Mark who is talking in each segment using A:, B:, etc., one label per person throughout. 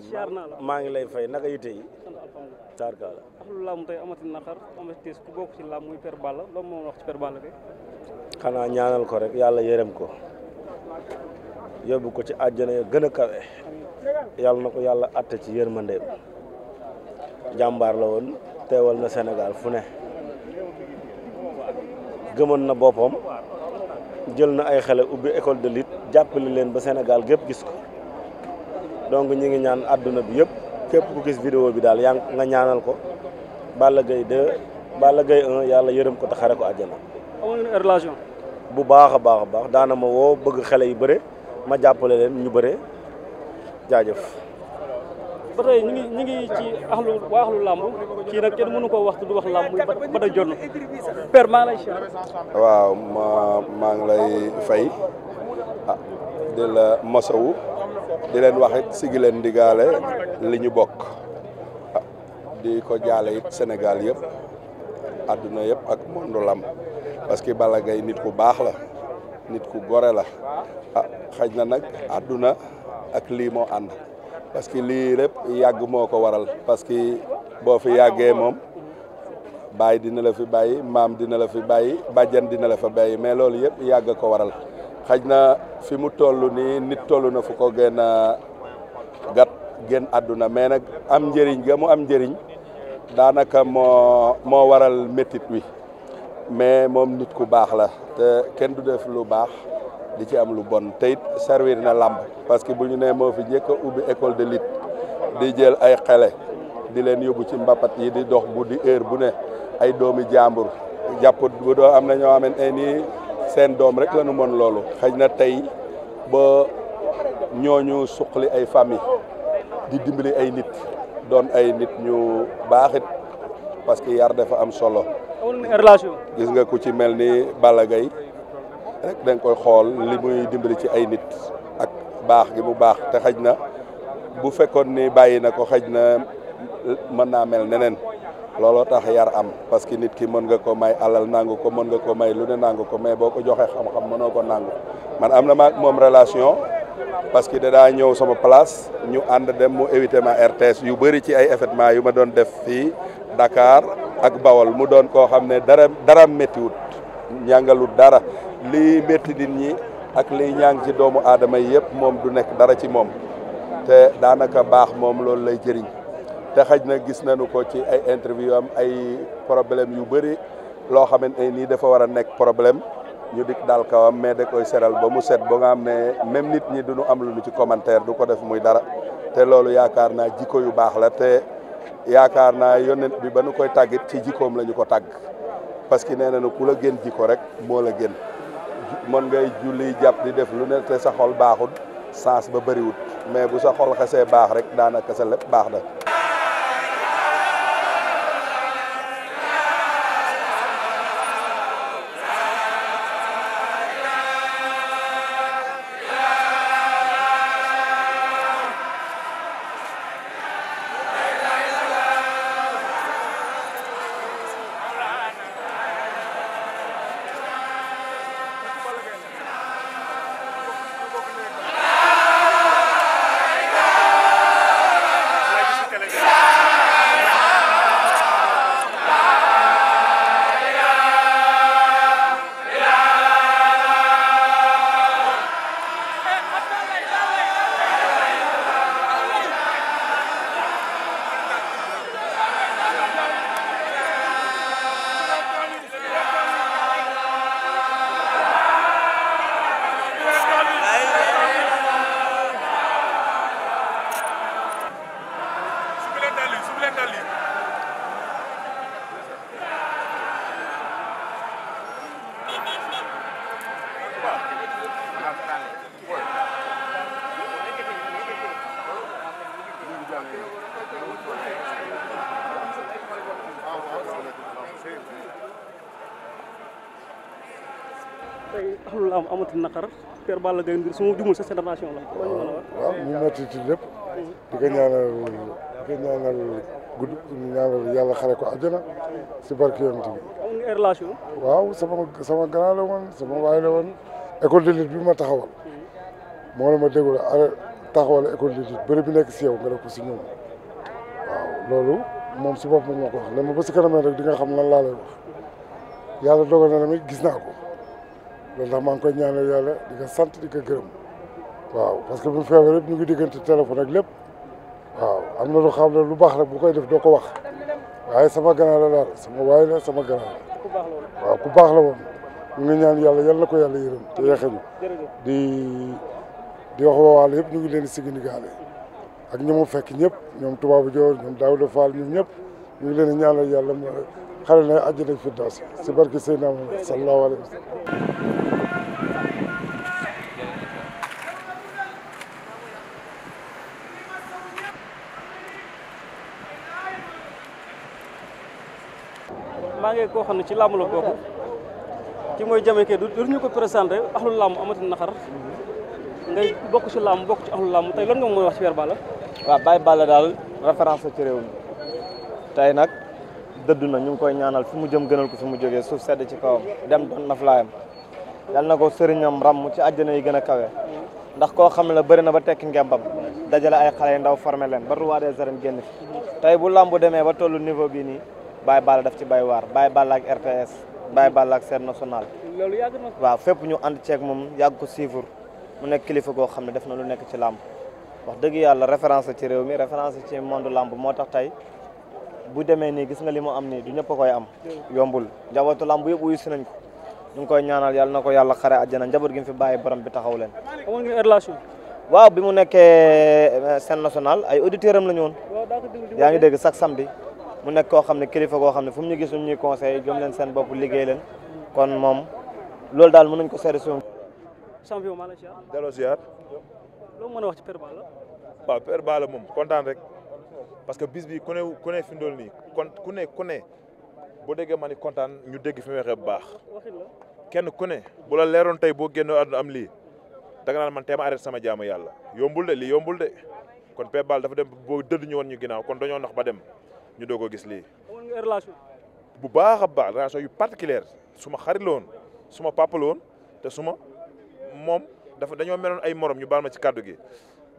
A: Xaadim maa ngi lay fay naka yitte yi tarkaala
B: axlu làmb tey amati wax ci Père
A: xanaa ñaanal ko rek yàlla yërëm ko yóbbu ko ci àjjana ya gën a kawe yàlla na ko yàlla atte ci yërmandeem jàmbaar la woon teewal na Sénégal fu ne gëmoon na boppam jël na ay xele ubbi école de lutte jàppale leen ba Sénégal gépp gis ko donc ñi ngi ñaan àdduna bi yëpp képp ku gis vidéo bi daal yaa nga ñaanal ko Balla gay 2 Balla Gaye yàlla yërëm ko xare ko àjjana bu baax a baax a baax daana ma woo bëgg xale yu bëre ma jàppale leen ñu bëre jaajëf
B: ba tey ñu ngi ñu ngi ci axlu waa axlu làmb kii nag kenn mënu koo wax du wax làmb ba da jonn père maa lay
C: waaw ma maa ngi lay fay ah la masawu di leen wax it sigi leen ndigaale li ñu bokk di ko jaale it Sénégal yëpp àdduna yëpp ak monde lam parce que bala gay nit ku baax la nit ku gore la ah xaj na nag àdduna ak lii moo ànd parce que lii lépp yàgg moo ko waral parce que boo fi yàggee moom baay dina la fi bàyyi maam dina la fi bàyyi bàjjan dina la fa bàyyi mais loolu yëpp yàgg ko waral xaj na fi mu toll nii nit toll na fu ko gën a gat gën àdduna mais nag am njëriñ ga mu am njëriñ daanaka moo moo waral métit wi mais moom nit ku baax la te kenn du def lu baax di ci am lu bon tey it servir na làmb parce que bu ñu nee moo fi njëkk a ubbi école de lit di jël ay xele di leen yóbbu ci mbapat yi di dox bu di heure bu ne ay doomi jàmbur jàpp bu doo am na ñoo xamante ni seen doom rek la ñu mën loolu xëy na tey boo ba ñooñu suqali ay famille di dimbali ay nit doon ay nit ñu baaxit parce que yar dafa am solo gis nga ko ci mel ni balagay Gaye rek da koy xool li muy dimbali ci ay nit ak baax gi mu baax te xaj na bu fekkoon ni bàyyi na ko xaj na mën naa mel neneen looloo tax yar am parce que nit ki mën nga ko may alal nangu ko mën nga ko may lu ne nangu ko mais boo ko joxee xam-xam mënoo ko nangu man am na maag moom relation parce que dadaa ñëw sama place ñu ànd dem mu éviter ma RTS yu bëri ci ay événement yu ma doon def fii Dakar ak Bawol mu doon koo xam ne dara dara méttiwut ñàngalut dara li métti nit ñi ak li ñàng ci doomu aadama yi yëpp moom du nekk dara ci moom te daanaka baax moom loolu lay jëriñ te xaj na gis nañu ko ci ay interview am ay problème yu bëri loo xamante ne nii dafa war a nekk problème ñu dik daal kawam mais da koy seral ba mu set ba nga xam ne même nit ñi du duñu am lu ñu ci commentaire du ko def muy dara te loolu yaakaar naa jikko yu baax la te yaakaar naa yonent bi ba nu koy tàggit ci jikkoom la ñu ko tàgg parce que nee na nu ku la gën jikko rek moo la gën mën ngay julli jàpp di def lu ne te sa xol baaxul sens ba bëriwut mais bu sa xol xasee baax rek daanaka sa lépp baax na
B: tey axlu lamb amati naqar Père Balla Gaye ngir su ma jumul sa célébration la. waaw waaw ñu metti ci lépp. di ko ñaanal yàlla xare ko àjjana si barke yonent bi. am nga relation. waaw sama sama grand sama waay la école de lutte bi ma taxawal. moo la ma déglu ara taxawal école de lutte bëri bi nekk si yow nga def ko si ñoom waaw loolu moom si boppam moo ko wax ne ma ba si kanam rek di xam lan laa lay yàlla dogal na tamit gis naa ko. loolu ndax maa ngi koy ñaanal yàlla di ko sant di ko gërëm waaw parce que bu mu feebar yëpp ñu ngi diggante téléphone ak lépp waaw am na lu xam ne lu baax rek bu koy def doo ko wax waaye sama ganaar la daal sama waay la sama ganaar la ku baax la woon ñu ngi ñaan yàlla yal na ko yàlla yërëm te yeexañu di di wax wawaal yëpp ñu ngi leen di sigini gaane ak ñi mu fekk ñëpp ñoom tubaabu joor ñoom daawuda faal ñoom ñëpp ñu ngi leen di ñaanal yàlla xale na àjjana firdaws si barke Seydina Muhammad sallallahu alayhi nekkee koo xam ne ci làmb la bokk ki mooy Jamaïcain du du ñu ko présenté axlu làmb amati naxar ngay bokk ci làmb bokk ci axlu làmb tey lan nga mooy wax ci Père Balla waaw daal
A: référence ci réew mi tey nag dëdd na ñu ngi koy ñaanal fi mu jëm gënal ko fi mu jógee suuf sedd ci kawam dem doon naflaayam yal na ko sëriñam ràmm ci àjjana yi gën a kawe ndax koo xam ne la bëri na ba tekki ngembam dajale ay xale yu ndaw formé leen ba roi génn tollu niveau bii nii Baye Balla daf ci bay waar Baye Balla ak RTS Baye Balla ak seen national. waaw fépp ñu ànd ceeg moom yàgg ko suivre mu nekk kilifa goo xam ne def na lu nekk ci làmb wax dëgg yàlla référence ci réew mi référence ci monde làmb moo tax tey bu demee nii gis nga li mu am nii du ñëpp koy am. yombul njabootu làmb yëpp wuyu nañ ko ñu koy ñaanal yàlla na ko yàlla xare àjjana njaboot gi mu fi bàyyi borom bi taxaw leen. amoon waaw bi mu nekkee euh, seen national ay auditeurs am la yaa ngi dégg chaque samedi. mu nekk koo xam ne kilifa koo xam ne fu mu ñu gis ñuy conseil jom leen seen bu liggéey leen kon moom loolu daal mën nañ ko seede si moom.
B: champion maa la ziar. delloo ziar. loo mën a wax ci Père Balla.
D: waaw Père Balla moom kontaan rek parce que bis bi ku ne ku ne fi ndool nii kon ku ne ku ne bu déggee ma ni kontaan ñu dégg fi mu waxee bu baax kenn ku ne bu la leeroon tey boo génnoo àdduna am lii danga naan man teema arrêté sama jaamu yàlla yombul de lii yombul de kon Père Balla dafa dem boo dëdd ñu woon ñu ginnaaw kon dañoo nax ba dem. ñu doog ko gis lii. bu baax a baax relation yu particulière su ma xarit la woon su te su ma moom dafa dañoo meloon ay morom ñu baal ma ci kàddu gi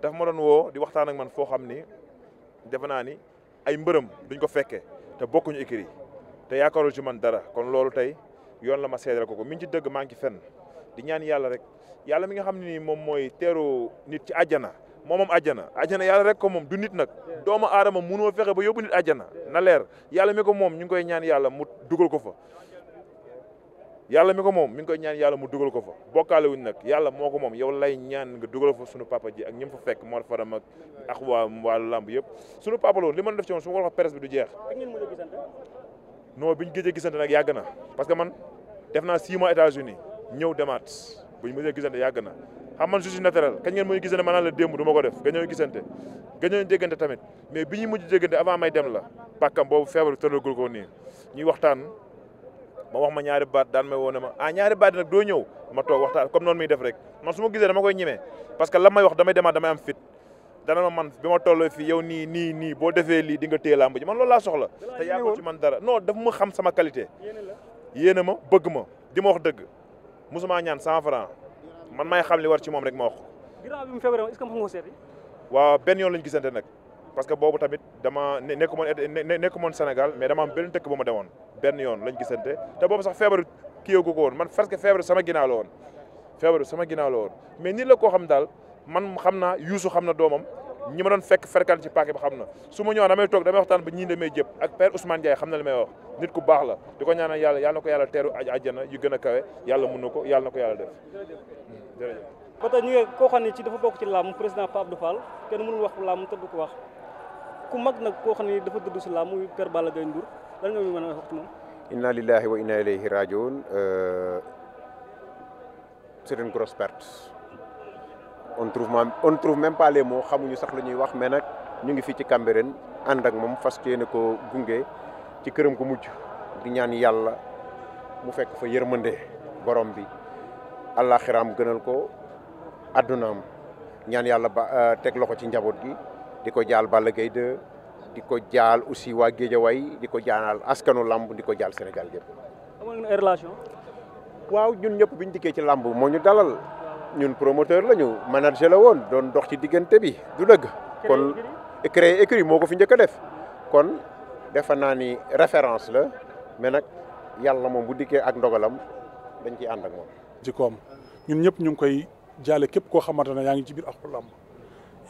D: dafa ma doon woo di waxtaan ak man foo xam ni defe naa ni ay mbërëm duñ ko fekkee te bokkuñu écrit te yaakaarul ci man dara kon loolu tey yoon la ma seedal ko ko mi ngi ci dëgg maa ngi ci fenn di ñaan yàlla rek yàlla mi nga xam ne ni moom mooy teeru nit ci àjjana moo moom àjjana àjjana yàlla rek ko moom du nit nag doomu aadama mënoo fexe ba yóbbu nit àjjana na leer yàlla mi ko moom ñu ngi koy ñaan yàlla mu dugal ko fa yàlla mi ko moom mi ngi koy ñaan yàlla mu dugal ko fa bokkaale wuñ nag yàlla moo ko moom yow lay ñaan nga dugal fa sunu papa ji ak ñi mu fa fekk Mor Faram ak ak waa waa làmb yëpp sunu papa loolu li ma def ci moom su ma ko wax presse bi du jeex. non biñ gëj a gisante nag yàgg na parce que man def naa six mois États-Unis ñëw demaat buñ mujjee gisante yàgg na xam ah, man je suis naturel kañ ngeen mooy gisante maanaam la démb du ma ko def nga ñëw gisante nga ñëw tamit mais bi ñu mujj déggante avant may dem la pàkkam boobu feebar bi tëralagul ko nii ñuy waxtaan ma wax ma ñaari baat daan may woone ma a ah, ñaari baat nag doo ñëw ma toog waxtaan comme noonu muy def rek man su ma gisee dama koy ñemee parce que la wax damay demaat damay am fit dana ma man bi ma tolloo fii yow nii nii nii boo defee lii di nga téye la ji man loolu laa soxla te yaa ko ci man dara non daf ma xam sama qualité yéene ma bëgg ma di ma wax dëgg mosuma ñaan cent franc man may xam li war ci moom rek ma wax ko.
B: ginnaaw bi mu feebaree est que mu seeti.
D: waaw benn yoon lañu gisante nag parce que boobu tamit dama nekkumoon nekkumoon Sénégal mais dama am benn dëkk bu ma demoon benn yoon lañ gisante te boobu sax feebaru kii ko woon man parce feebaru sama ginnaaw la woon feebaru sama ginaalo la woon mais nit la koo xam daal man xam naa Youssou xam na doomam ñi ma doon fekk ferkal ci paquet ba xam na su ma ñëwaat damay toog damay waxtaan ba ñii damay jëpp ak père Ousmane Ndiaye xam na li may wax nit ku baax la di ko ñaanal yàlla yàlla na ko yàlla teeru àjjana yu gën a kawe yàlla mun na ko yàlla na ko yàlla def hmm, jërëjëf ba
B: koo xam ne ci dafa bokk ci làmm président Pape Abdou Fall kenn mënul wax làmm te du ko wax ku mag nag koo xam ne dafa dëdd si làmm muy père Balla Gaye Ndour lan nga mën a wax ci moom
E: inna lillahi wa inna ilayhi rajiun euh, c'est on trouve on trouve même pas les mots xamuñu sax lu ñuy wax mais nag ñu ngi fii ci Cambérène ànd ak moom fas yéene ko gunge ci këram gu mujj di ñaan yàlla mu fekk fa yërmande borom bi àllaaxiraam gënal ko addunaam ñaan yàlla ba euh, teg loxo ci njaboot gi di ko jaal Balla Gaye 2 di ko jaal aussi waa géeja way di ko jaal askanu làmb di ko jaal Sénégal yëpp. waaw ñun ñëpp biñ dikkee ci làmb moo ñu dalal. ñun promoteur lañu manager la woon doon dox ci diggante bi du dëgg. kon créer écurie moo ko fi njëkk a def kon defe naa ni référence la mais nag yàlla moom bu dikkee ak ndogalam dañ ciy ànd ak moom.
C: jikkoom ñun ñëpp ñu ngi koy jaale képp koo xamante ne yaa ngi ci biir ak làmb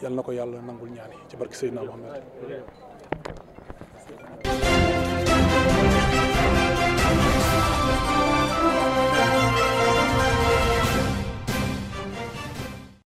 C: yal na ko yàlla nangul ñaan yi ci barke Seydina Muhammad